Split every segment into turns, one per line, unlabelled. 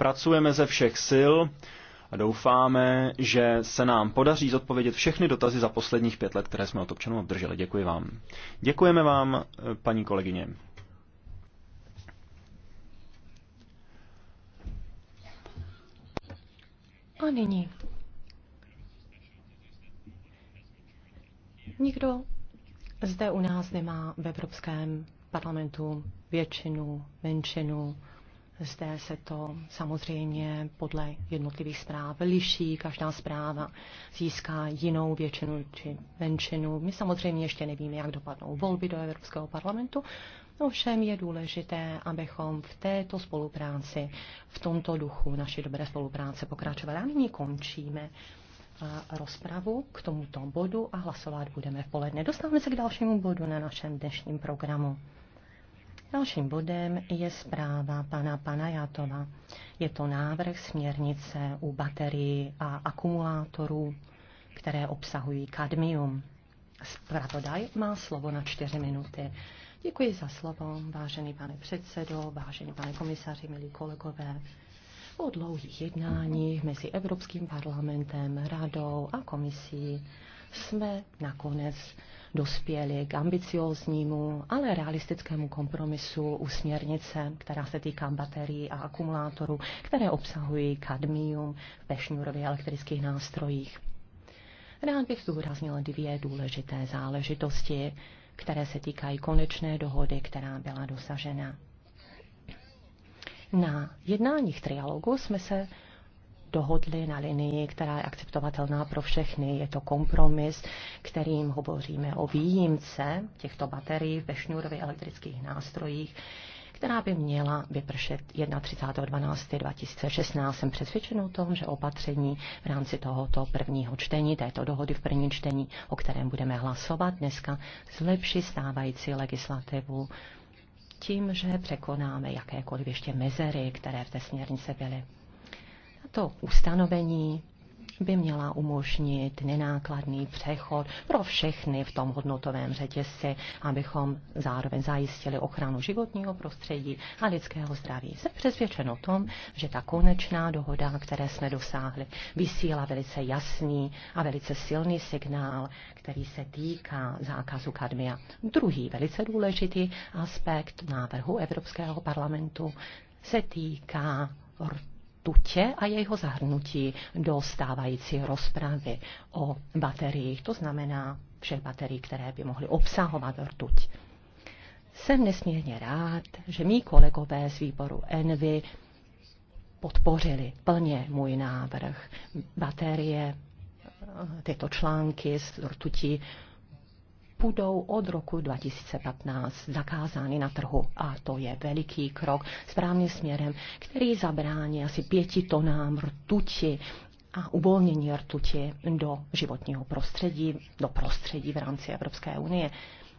Pracujeme ze všech sil a doufáme, že se nám podaří zodpovědět všechny dotazy za posledních pět let, které jsme od občanů obdrželi. Děkuji vám. Děkujeme vám, paní kolegyně.
A nyní. Nikdo zde u nás nemá v Evropském parlamentu většinu, menšinu, zde se to samozřejmě podle jednotlivých zpráv liší, každá zpráva získá jinou většinu či menšinu. My samozřejmě ještě nevíme, jak dopadnou volby do Evropského parlamentu, ovšem je důležité, abychom v této spolupráci, v tomto duchu naší dobré spolupráce pokračovali. A nyní končíme eh, rozpravu k tomuto bodu a hlasovat budeme v poledne. Dostáváme se k dalšímu bodu na našem dnešním programu. Dalším bodem je zpráva pana Panajatova. Je to návrh směrnice u baterií a akumulátorů, které obsahují kadmium. Zpravodaj má slovo na čtyři minuty. Děkuji za slovo, vážený pane předsedo, vážený pane komisaři, milí kolegové. Po dlouhých jednáních mezi Evropským parlamentem, radou a komisí jsme nakonec dospěli k ambicióznímu, ale realistickému kompromisu u směrnice, která se týká baterií a akumulátorů, které obsahují kadmium v pešňurově elektrických nástrojích. Rád bych zdůraznil dvě důležité záležitosti, které se týkají konečné dohody, která byla dosažena. Na jednáních trialogu jsme se dohodli na linii, která je akceptovatelná pro všechny. Je to kompromis, kterým hovoříme o výjimce těchto baterií ve šňůrově elektrických nástrojích, která by měla vypršet 31.12.2016. Jsem přesvědčen o tom, že opatření v rámci tohoto prvního čtení, této dohody v prvním čtení, o kterém budeme hlasovat dneska, zlepší stávající legislativu tím, že překonáme jakékoliv ještě mezery, které v té směrnici byly to ustanovení by měla umožnit nenákladný přechod pro všechny v tom hodnotovém řetězci, abychom zároveň zajistili ochranu životního prostředí a lidského zdraví. Jsem přesvědčen o tom, že ta konečná dohoda, které jsme dosáhli, vysílá velice jasný a velice silný signál, který se týká zákazu kadmia. Druhý velice důležitý aspekt návrhu Evropského parlamentu se týká tutě a jeho zahrnutí do stávající rozpravy o bateriích, to znamená všech baterií, které by mohly obsahovat rtuť. Jsem nesmírně rád, že mý kolegové z výboru Envy podpořili plně můj návrh. Baterie, tyto články z rtutí budou od roku 2015 zakázány na trhu. A to je veliký krok správným směrem, který zabrání asi pěti tonám rtuči a uvolnění rtuti do životního prostředí, do prostředí v rámci Evropské unie.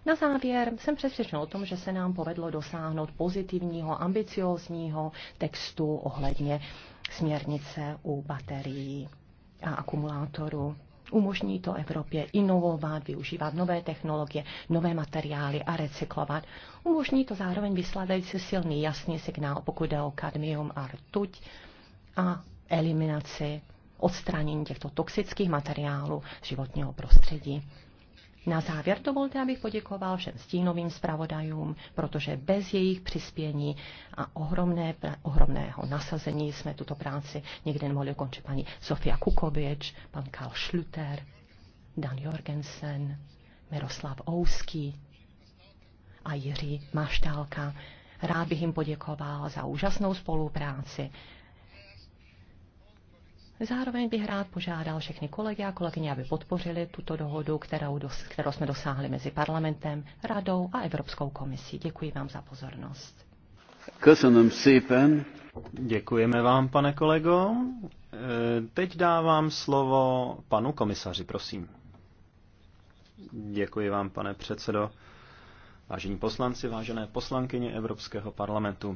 Na závěr jsem přesvědčen o tom, že se nám povedlo dosáhnout pozitivního, ambiciózního textu ohledně směrnice u baterií a akumulátoru. Umožní to Evropě inovovat, využívat nové technologie, nové materiály a recyklovat. Umožní to zároveň vysládat velice silný, jasný signál, pokud jde o kadmium a rtuť a eliminaci odstranění těchto toxických materiálů z životního prostředí. Na závěr dovolte, abych poděkoval všem stínovým zpravodajům, protože bez jejich přispění a ohromné, ohromného nasazení jsme tuto práci někdy nemohli ukončit. Paní Sofia Kukovič, pan Karl Schluter, Dan Jorgensen, Miroslav Ouský a Jiří Maštálka. Rád bych jim poděkoval za úžasnou spolupráci Zároveň bych rád požádal všechny kolegy a kolegyně, aby podpořili tuto dohodu, kterou, dos, kterou jsme dosáhli mezi parlamentem, radou a Evropskou komisí. Děkuji vám za pozornost.
Děkujeme vám, pane kolego. E, teď dávám slovo panu komisaři, prosím. Děkuji vám, pane předsedo vážení poslanci, vážené poslankyně Evropského parlamentu.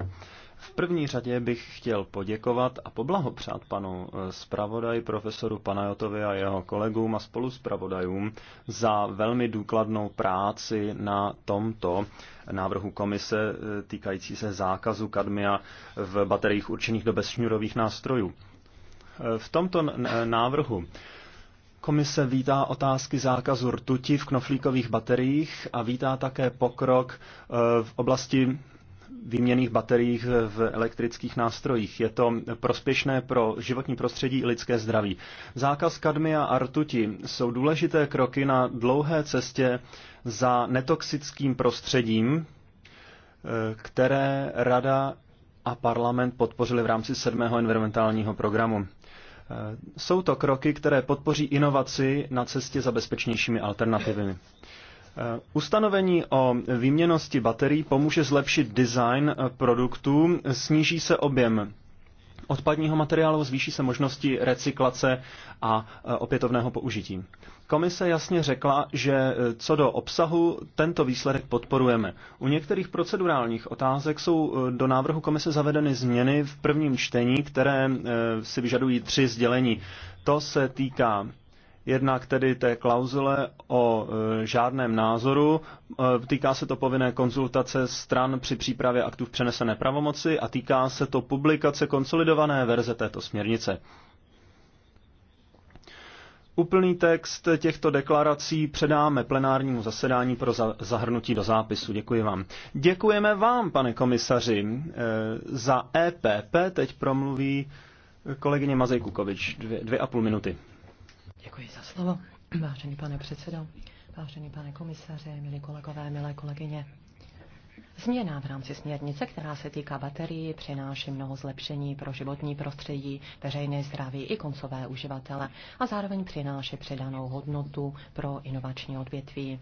V první řadě bych chtěl poděkovat a poblahopřát panu eh, zpravodaji profesoru Panajotovi a jeho kolegům a spoluzpravodajům za velmi důkladnou práci na tomto návrhu komise eh, týkající se zákazu kadmia v bateriích určených do bezšňurových nástrojů. Eh, v tomto návrhu Komise vítá otázky zákazu rtuti v knoflíkových bateriích a vítá také pokrok e, v oblasti výměných bateriích v elektrických nástrojích. Je to prospěšné pro životní prostředí i lidské zdraví. Zákaz kadmia a rtuti jsou důležité kroky na dlouhé cestě za netoxickým prostředím, e, které Rada a parlament podpořili v rámci sedmého environmentálního programu. Eh, jsou to kroky, které podpoří inovaci na cestě za bezpečnějšími alternativami. Eh, ustanovení o výměnosti baterií pomůže zlepšit design eh, produktů, sníží se objem odpadního materiálu, zvýší se možnosti recyklace a e, opětovného použití. Komise jasně řekla, že e, co do obsahu tento výsledek podporujeme. U některých procedurálních otázek jsou e, do návrhu komise zavedeny změny v prvním čtení, které si vyžadují tři sdělení. To se týká Jednak tedy té klauzule o e, žádném názoru. E, týká se to povinné konzultace stran při přípravě aktů v přenesené pravomoci a týká se to publikace konsolidované verze této směrnice. Úplný text těchto deklarací předáme plenárnímu zasedání pro zahrnutí do zápisu. Děkuji vám. Děkujeme vám, pane komisaři. E, za EPP teď promluví kolegyně Mazej Kukovič. Dvě, dvě a půl minuty.
Děkuji za slovo, vážený pane předsedo, vážený pane komisaře, milí kolegové, milé kolegyně. Změna v rámci směrnice, která se týká baterií, přináší mnoho zlepšení pro životní prostředí, veřejné zdraví i koncové uživatele a zároveň přináší přidanou hodnotu pro inovační odvětví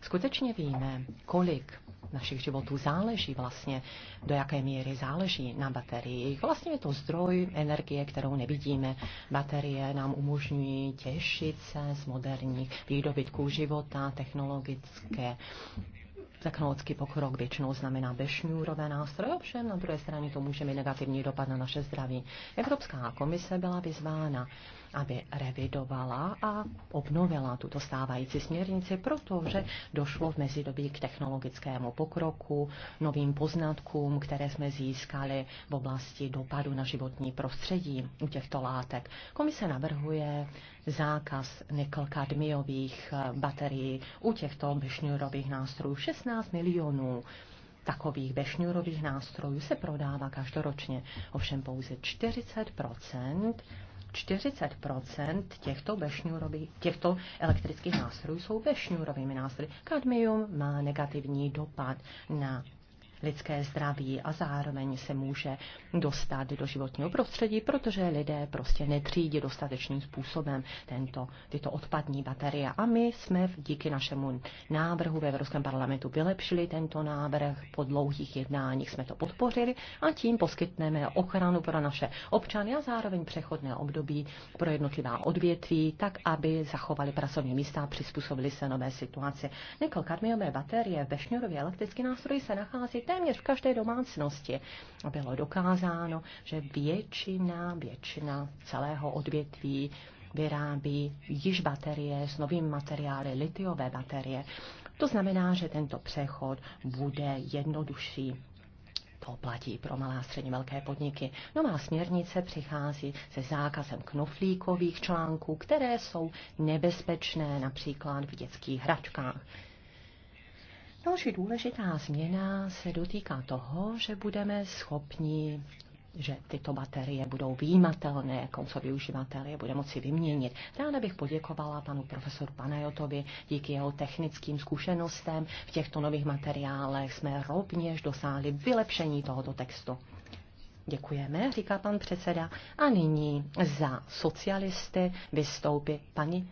skutečně víme, kolik našich životů záleží vlastně, do jaké míry záleží na baterii. Vlastně je to zdroj energie, kterou nevidíme. Baterie nám umožňují těšit se z moderních výdobytků života, technologické Technologický pokrok většinou znamená bezšňůrové nástroje, ovšem na druhé straně to může mít negativní dopad na naše zdraví. Evropská komise byla vyzvána aby revidovala a obnovila tuto stávající směrnici, protože došlo v mezidobí k technologickému pokroku, novým poznatkům, které jsme získali v oblasti dopadu na životní prostředí u těchto látek. Komise navrhuje zákaz nikl-kadmiových eh, baterií u těchto bešňurových nástrojů 16 milionů Takových bešňurových nástrojů se prodává každoročně, ovšem pouze 40 40 těchto, bešňůrových, těchto elektrických nástrojů jsou bešňůrovými nástroji. Kadmium má negativní dopad na lidské zdraví a zároveň se může dostat do životního prostředí, protože lidé prostě netřídí dostatečným způsobem tento, tyto odpadní baterie. A my jsme díky našemu návrhu ve Evropském parlamentu vylepšili tento návrh, po dlouhých jednáních jsme to podpořili a tím poskytneme ochranu pro naše občany a zároveň přechodné období pro jednotlivá odvětví, tak aby zachovali pracovní místa a přizpůsobili se nové situaci. Nikol kadmiové baterie ve šňurově elektrický nástroj se nachází téměř v každé domácnosti. Bylo dokázáno, že většina, většina celého odvětví vyrábí již baterie s novým materiály, litiové baterie. To znamená, že tento přechod bude jednodušší. To platí pro malá a středně velké podniky. Nová směrnice přichází se zákazem knoflíkových článků, které jsou nebezpečné například v dětských hračkách. Další důležitá změna se dotýká toho, že budeme schopni že tyto baterie budou výjimatelné, koncový uživatel je bude moci vyměnit. Ráda bych poděkovala panu profesoru Panajotovi díky jeho technickým zkušenostem. V těchto nových materiálech jsme rovněž dosáhli vylepšení tohoto textu. Děkujeme, říká pan předseda. A nyní za socialisty vystoupí paní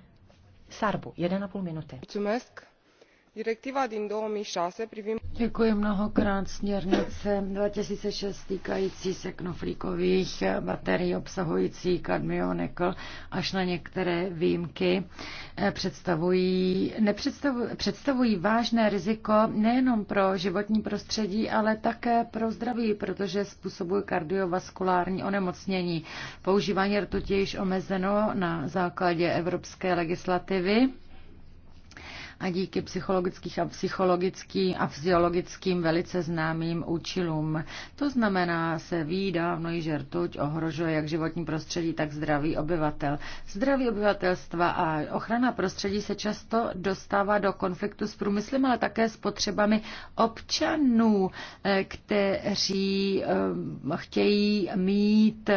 Sarbu. 1,5 minuty. Mulțumesc. Direktiva din 2006 privind... Děkuji mnohokrát směrnice 2006 týkající se knoflíkových eh, baterií obsahující kadmio, nikl, až na některé výjimky eh, představují, nepředstavují, představují vážné riziko nejenom pro životní prostředí, ale také pro zdraví, protože způsobují kardiovaskulární onemocnění. Používání je již omezeno na základě evropské legislativy a díky psychologických a psychologickým a fyziologickým velice známým účilům. To znamená, se ví dávno, i žertuť ohrožuje jak životní prostředí, tak zdraví obyvatel. Zdraví obyvatelstva a ochrana prostředí se často dostává do konfliktu s průmyslem, ale také s potřebami občanů, eh, kteří eh, chtějí mít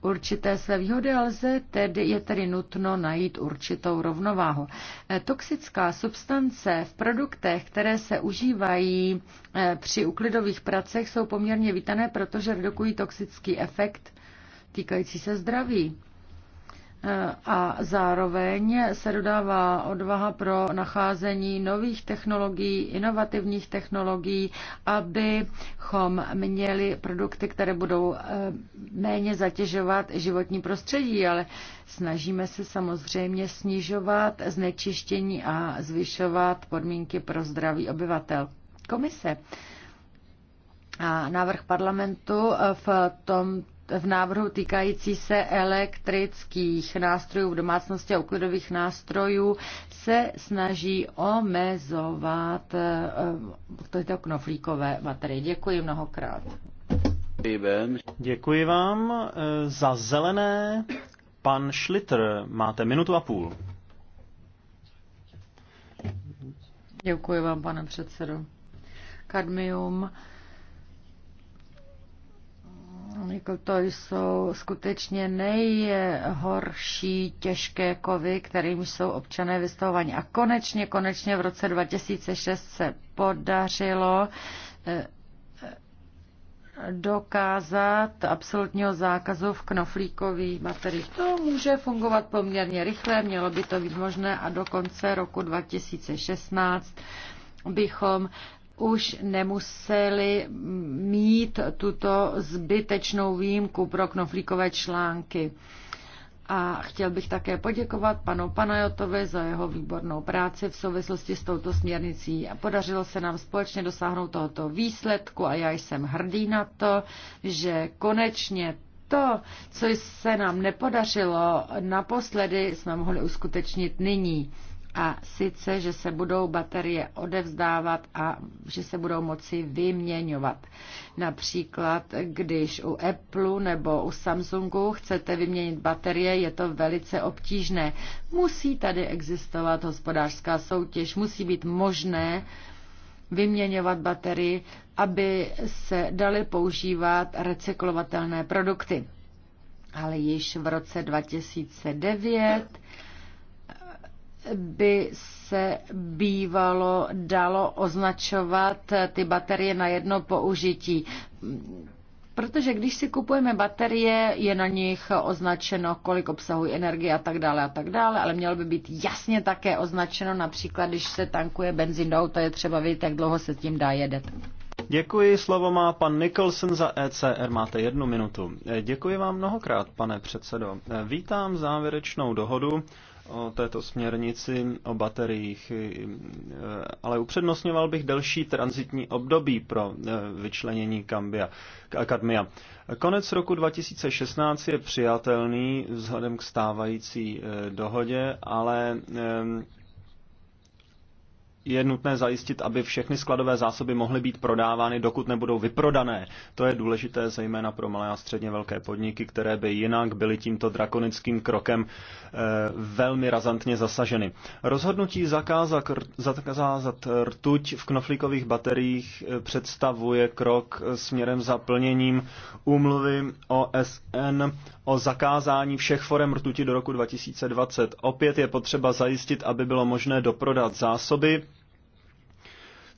určité své výhody, ale lze tedy, je tedy nutno najít určitou rovnováhu. Eh, toxická substance substance v produktech, které se užívají eh, při uklidových pracech, jsou poměrně vítané, protože redukují toxický efekt týkající se zdraví a zároveň se dodává odvaha pro nacházení nových technologií, inovativních technologií, abychom měli produkty, které budou eh, méně zatěžovat životní prostředí, ale snažíme se samozřejmě snižovat znečištění a zvyšovat podmínky pro zdraví obyvatel. Komise a návrh parlamentu v tom v návrhu týkající se elektrických nástrojů v domácnosti a uklidových nástrojů se snaží omezovat tyto eh, eh, knoflíkové baterie. Děkuji mnohokrát.
Děkuji vám. Eh, za zelené pan Schlitter, máte minutu a půl.
Děkuji vám, pane předsedo. Kadmium to jsou skutečně nejhorší těžké kovy, kterým jsou občané vystavováni. A konečně, konečně v roce 2006 se podařilo eh, eh, dokázat absolutního zákazu v knoflíkových bateriích. To může fungovat poměrně rychle, mělo by to být možné a do konce roku 2016 bychom už nemuseli mít tuto zbytečnou výjimku pro knoflíkové články. A chtěl bych také poděkovat panu Panajotovi za jeho výbornou práci v souvislosti s touto směrnicí. A podařilo se nám společně dosáhnout tohoto výsledku a já jsem hrdý na to, že konečně to, co se nám nepodařilo naposledy, jsme mohli uskutečnit nyní a sice, že se budou baterie odevzdávat a že se budou moci vyměňovat. Například, když u Apple nebo u Samsungu chcete vyměnit baterie, je to velice obtížné. Musí tady existovat hospodářská soutěž, musí být možné vyměňovat baterii, aby se daly používat recyklovatelné produkty. Ale již v roce 2009 by se bývalo dalo označovat ty baterie na jedno použití. Protože když si kupujeme baterie, je na nich označeno, kolik obsahují energie a tak dále a tak dále, ale mělo by být jasně také označeno, například když se tankuje benzín do auta, je třeba vidět, jak dlouho se tím dá jedet.
Děkuji, slovo má pan Nicholson za ECR, máte jednu minutu. Děkuji vám mnohokrát, pane předsedo. Vítám závěrečnou dohodu o této směrnici o bateriích, ale upřednostňoval bych delší transitní období pro e, vyčlenění kambia, kadmia. Konec roku 2016 je přijatelný vzhledem k stávající e, dohodě, ale e, je nutné zajistit, aby všechny skladové zásoby mohly být prodávány, dokud nebudou vyprodané. To je důležité zejména pro malé a středně velké podniky, které by jinak byly tímto drakonickým krokem e, velmi razantně zasaženy. Rozhodnutí zakázat, zakázat rtuť v knoflíkových bateriích eh, představuje krok eh, směrem za plněním úmluvy OSN o zakázání všech forem rtuti do roku 2020. Opět je potřeba zajistit, aby bylo možné doprodat zásoby,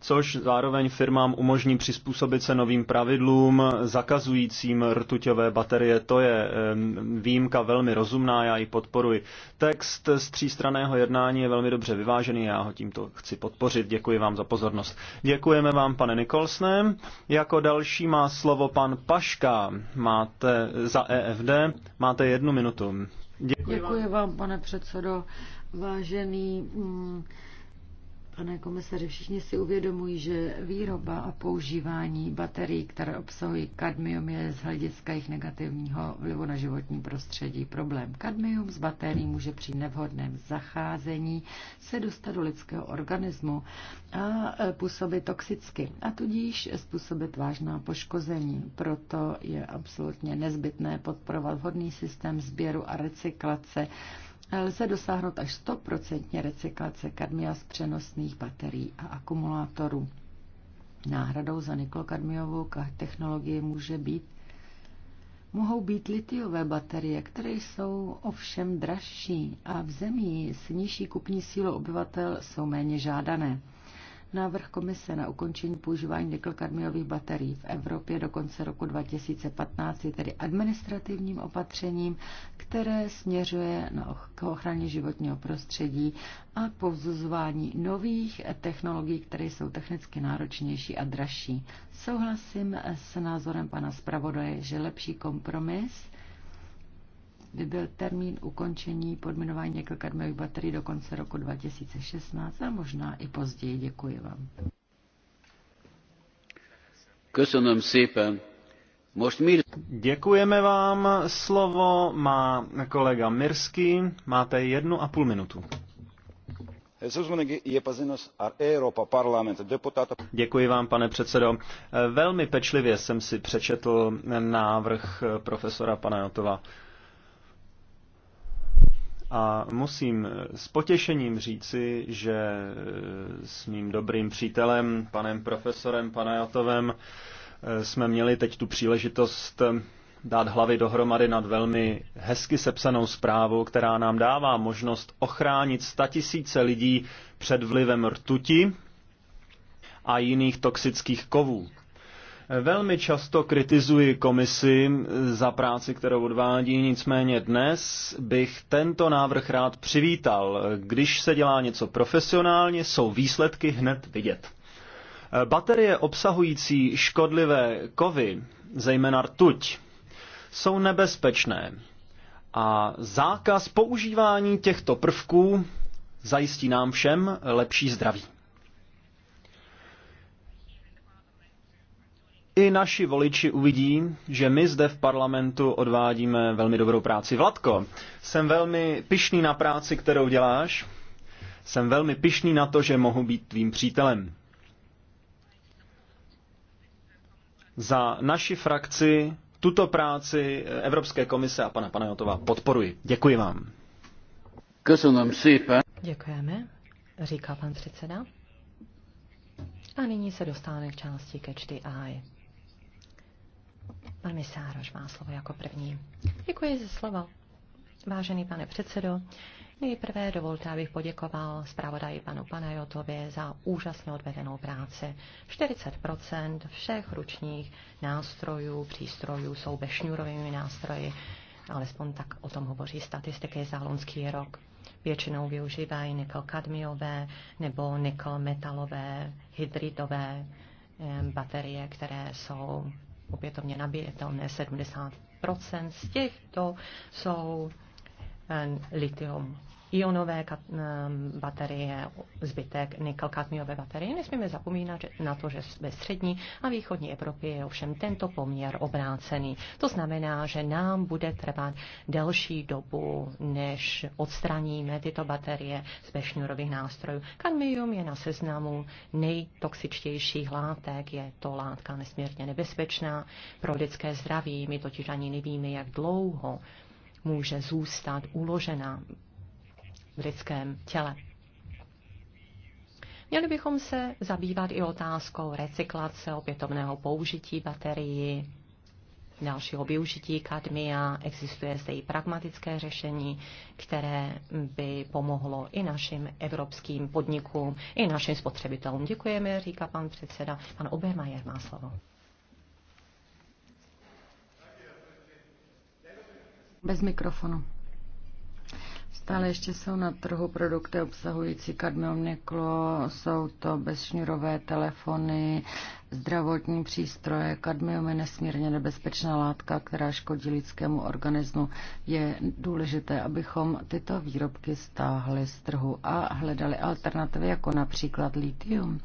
což zároveň firmám umožní přizpůsobit se novým pravidlům zakazujícím rtuťové baterie. To je výjimka velmi rozumná, já ji podporuji. Text z třístraného jednání je velmi dobře vyvážený, já ho tímto chci podpořit. Děkuji vám za pozornost. Děkujeme vám, pane Nikolsné. Jako další má slovo pan Paška. Máte za EFD, máte jednu minutu. Děkuji, Děkuji vám.
vám, pane předsedo. Vážený mm, Pane komisaři, všichni si uvědomují, že výroba a používání baterií, které obsahují kadmium, je z hlediska jejich negativního vlivu na životní prostředí problém. Kadmium z baterií může při nevhodném zacházení se dostat do lidského organismu a e, působit toxicky a tudíž způsobit vážná poškození. Proto je absolutně nezbytné podporovat vhodný systém sběru a recyklace lze dosáhnout až 100% recyklace kadmia z přenosných baterií a akumulátorů. Náhradou za niklokadmiovou technologii může být mohou být litiové baterie, které jsou ovšem dražší a v zemí s nižší kupní sílou obyvatel jsou méně žádané. Návrh komise na ukončení používání kadmiových baterií v Evropě do konce roku 2015 je tedy administrativním opatřením, které směřuje na k ochraně životního prostředí a povzuzování nových technologií, které jsou technicky náročnější a dražší. Souhlasím s názorem pana zpravodaje, že lepší kompromis by byl termín ukončení podminování několikadmiových baterií do konce roku 2016 a možná i později. Děkuji vám.
Děkujeme vám. Slovo má kolega Mirský. Máte jednu a půl minutu. Děkuji vám, pane předsedo. Velmi pečlivě jsem si přečetl návrh profesora Panajotova a musím s potěšením říci, že eh, s mým dobrým přítelem, panem profesorem Panajatovem, eh, jsme měli teď tu příležitost eh, dát hlavy dohromady nad velmi hezky sepsanou zprávou, která nám dává možnost ochránit statisíce lidí před vlivem rtuti a jiných toxických kovů. Velmi často kritizuji komisi za práci, kterou odvádí, nicméně dnes bych tento návrh rád přivítal. Když se dělá něco profesionálně, jsou výsledky hned vidět. Baterie obsahující škodlivé kovy, zejména rtuť, jsou nebezpečné a zákaz používání těchto prvků zajistí nám všem lepší zdraví. i naši voliči uvidí, že my zde v parlamentu odvádíme velmi dobrou práci. Vladko, jsem velmi pišný na práci, kterou děláš. Jsem velmi pišný na to, že mohu být tvým přítelem. Za naši frakci tuto práci Evropské komise a pana Panajotova podporuji. Děkuji vám. Děkujeme,
říká pan předseda. A nyní se dostáváme k části Catch the Eye. Pan Misároš má slovo jako první. Děkuji za slovo. Vážený pane předsedo, nejprve dovolte, abych poděkoval zpravodaji panu Panajotovi za úžasně odvedenou práci. 40 všech ručních nástrojů, přístrojů jsou bešňurovými nástroji, alespoň tak o tom hovoří statistiky za loňský rok. Většinou využívají nikl-kadmiové nebo nikl-metalové hydridové eh, baterie, které jsou opětovně nabíjetelné 70 z těchto jsou eh, litium ionové eh, baterie, zbytek nikl-kadmiové baterie. Nesmíme zapomínat na to, že ve střední a východní Evropě je ovšem tento poměr obrácený. To znamená, že nám bude trvat delší dobu, než odstraníme tyto baterie z bešňurových nástrojů. Kadmium je na seznamu nejtoxičtějších látek, je to látka nesmírně nebezpečná pro lidské zdraví. My totiž ani nevíme, jak dlouho může zůstat uložena v lidském těle. Měli bychom se zabývat i otázkou recyklace, opětovného použití baterií, dalšího využití kadmia. Existuje zde i pragmatické řešení, které by pomohlo i našim evropským podnikům, i našim spotřebitelům. Děkujeme, říká pan předseda. Pan Obermajer má
slovo. Bez mikrofonu. Stále ještě jsou na trhu produkty obsahující kadmium niklo, jsou to bezšňurové telefony, zdravotní přístroje. Kadmium je nesmírně nebezpečná látka, která škodí lidskému organismu. Je důležité, abychom tyto výrobky stáhli z trhu a hledali alternativy, jako například litium.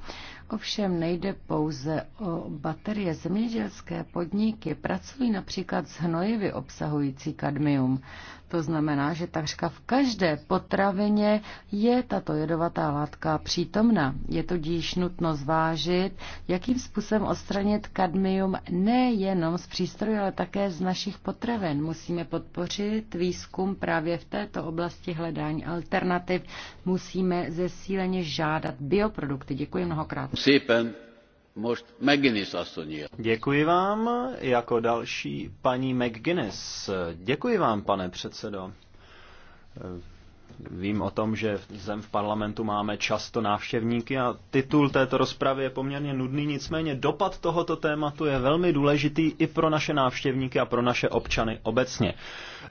Ovšem nejde pouze o baterie. Zemědělské podniky pracují například s hnojivy obsahující kadmium. To znamená, že takřka v každé potravině je tato jedovatá látka přítomna. Je tudíž nutno zvážit, jakým způsobem způsobem odstranit kadmium nejenom z přístrojů, ale také z našich potravin. Musíme podpořit výzkum právě v této oblasti hledání alternativ. Musíme zesíleně žádat bioprodukty. Děkuji mnohokrát.
Sípen. Děkuji vám. Jako další paní McGuinness. Děkuji vám, pane předsedo. Vím o tom, že zem v parlamentu máme často návštěvníky a titul této rozpravy je poměrně nudný, nicméně dopad tohoto tématu je velmi důležitý i pro naše návštěvníky a pro naše občany obecně.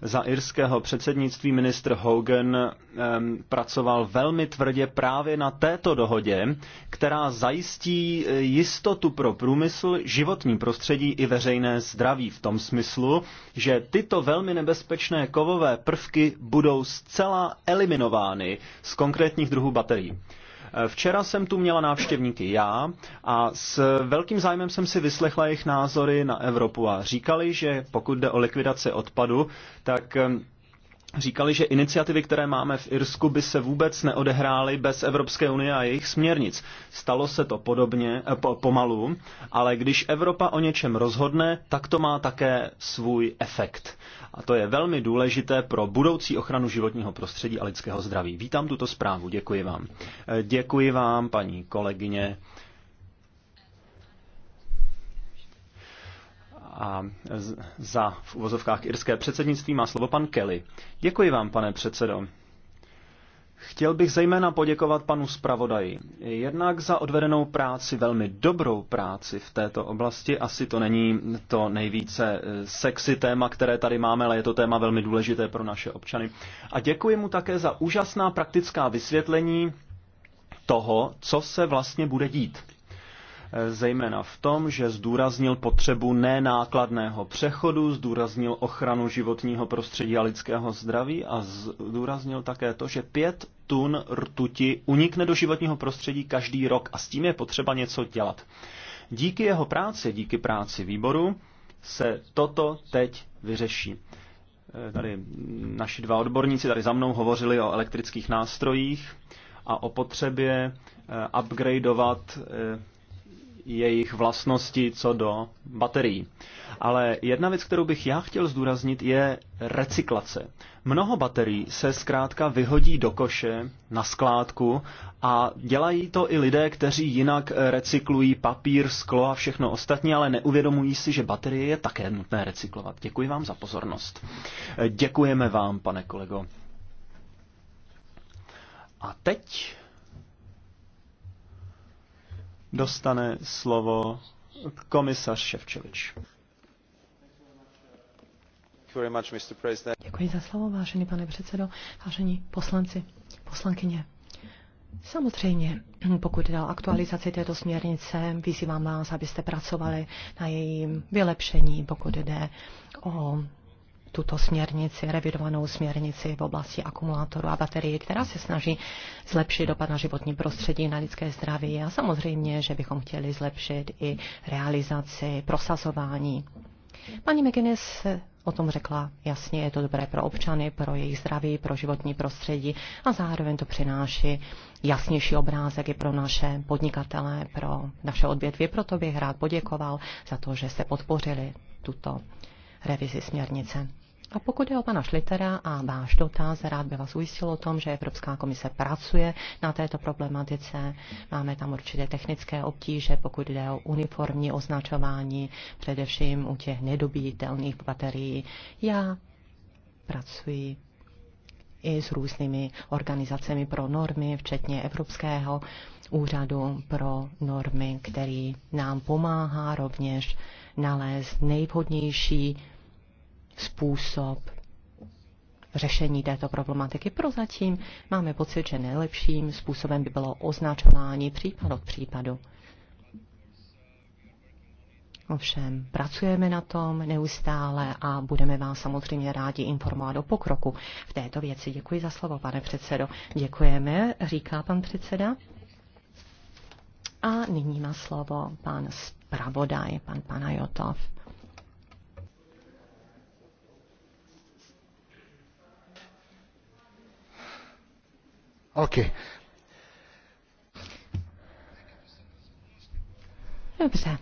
Za irského předsednictví ministr Hogan um, pracoval velmi tvrdě právě na této dohodě, která zajistí e, jistotu pro průmysl, životní prostředí i veřejné zdraví v tom smyslu, že tyto velmi nebezpečné kovové prvky budou zcela eliminovány z konkrétních druhů baterií. Eh, včera jsem tu měla návštěvníky já a s velkým zájmem jsem si vyslechla jejich názory na Evropu a říkali, že pokud jde o likvidaci odpadu, tak eh, říkali, že iniciativy, které máme v Irsku, by se vůbec neodehrály bez Evropské unie a jejich směrnic. Stalo se to podobně, eh, po, pomalu, ale když Evropa o něčem rozhodne, tak to má také svůj efekt. A to je velmi důležité pro budoucí ochranu životního prostředí a lidského zdraví. Vítám tuto zprávu, děkuji vám. Eh, děkuji vám, paní kolegyně a za v uvozovkách irské předsednictví má slovo pan Kelly. Děkuji vám, pane předsedo. Chtěl bych zejména poděkovat panu zpravodaji, jednak za odvedenou práci, velmi dobrou práci v této oblasti. Asi to není to nejvíce eh, sexy téma, které tady máme, ale je to téma velmi důležité pro naše občany. A děkuji mu také za úžasná praktická vysvětlení toho, co se vlastně bude dít zejména v tom, že zdůraznil potřebu nenákladného přechodu, zdůraznil ochranu životního prostředí a lidského zdraví a zdůraznil také to, že pět tun rtuti unikne do životního prostředí každý rok a s tím je potřeba něco dělat. Díky jeho práci, díky práci výboru, se toto teď vyřeší. E, tady naši dva odborníci tady za mnou hovořili o elektrických nástrojích a o potřebě e, upgradeovat e, jejich vlastnosti co do baterií. Ale jedna věc, kterou bych já chtěl zdůraznit, je recyklace. Mnoho baterií se zkrátka vyhodí do koše, na skládku a dělají to i lidé, kteří jinak recyklují papír, sklo a všechno ostatní, ale neuvědomují si, že baterie je také nutné recyklovat. Děkuji vám za pozornost. Děkujeme vám, pane kolego. A teď dostane slovo komisař Ševčevič.
Děkuji za slovo, vážený pane předsedo, vážení poslanci, poslankyně. Samozřejmě, pokud jde o aktualizaci této směrnice, vyzývám vás, abyste pracovali na jejím vylepšení, pokud jde o tuto směrnici, revidovanou směrnici v oblasti akumulátoru a baterie, která se snaží zlepšit dopad na životní prostředí, na lidské zdraví a samozřejmě, že bychom chtěli zlepšit i realizaci, prosazování. Paní McGuinness o tom řekla jasně, je to dobré pro občany, pro jejich zdraví, pro životní prostředí a zároveň to přináší jasnější obrázek i pro naše podnikatele, pro naše odvětví. Proto bych rád poděkoval za to, že jste podpořili tuto revizi směrnice. A pokud je o pana Šlitera a váš dotaz, rád by vás ujistil o tom, že Evropská komise pracuje na této problematice. Máme tam určité technické obtíže, pokud jde o uniformní označování, především u těch nedobítelných baterií. Já pracuji i s různými organizacemi pro normy, včetně Evropského úřadu pro normy, který nám pomáhá rovněž nalézt nejvhodnější způsob řešení této problematiky. Prozatím máme pocit, že nejlepším způsobem by bylo označování případ od případu. Ovšem, pracujeme na tom neustále a budeme vás samozřejmě rádi informovat o pokroku v této věci. Děkuji za slovo, pane předsedo. Děkujeme, říká pan předseda. A nyní má slovo pan zpravodaj, pan Panajotov. OK. Dobře.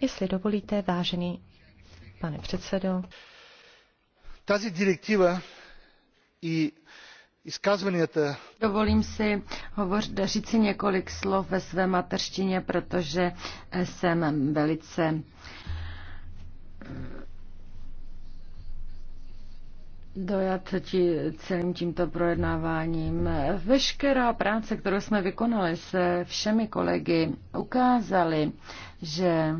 Jestli dovolíte, vážený pane předsedo.
Tazi direktiva i
Dovolím si hovořit, říci několik slov ve své mateřštině, protože eh, jsem velice eh, dojat ti, celým tímto projednáváním. Veškerá práce, kterou jsme vykonali se všemi kolegy, ukázaly, že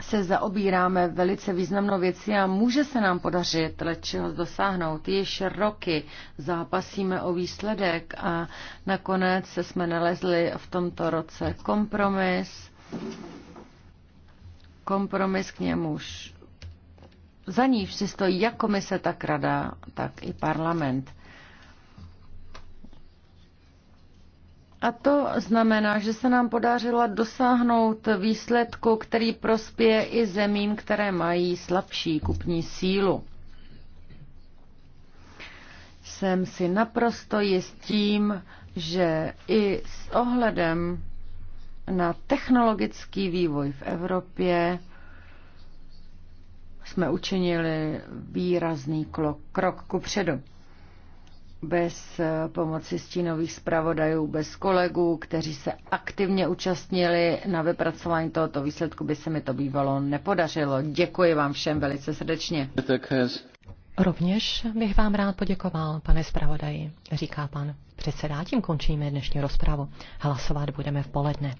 se zaobíráme velice významnou věcí a může se nám podařit lečeho dosáhnout. Již roky zápasíme o výsledek a nakonec jsme nalezli v tomto roce kompromis. Kompromis k němuž za níž si stojí jak komise, tak rada, tak i parlament. A to znamená, že se nám podařilo dosáhnout výsledku, který prospěje i zemím, které mají slabší kupní sílu. Jsem si naprosto jist tím, že i s ohledem na technologický vývoj v Evropě jsme učinili výrazný krok ku předu bez eh, pomoci stínových zpravodajů, bez kolegů, kteří se aktivně účastnili na vypracování tohoto výsledku, by se mi to bývalo nepodařilo. Děkuji vám všem velice srdečně.
Rovněž bych vám rád poděkoval, pane zpravodaji, říká pan předseda. Tím končíme dnešní rozpravu. Hlasovat budeme v poledne.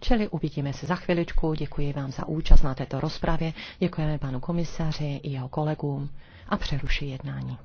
Čili uvidíme se za chviličku. Děkuji vám za účast na této rozpravě. Děkujeme panu komisaři i jeho kolegům a přeruší jednání.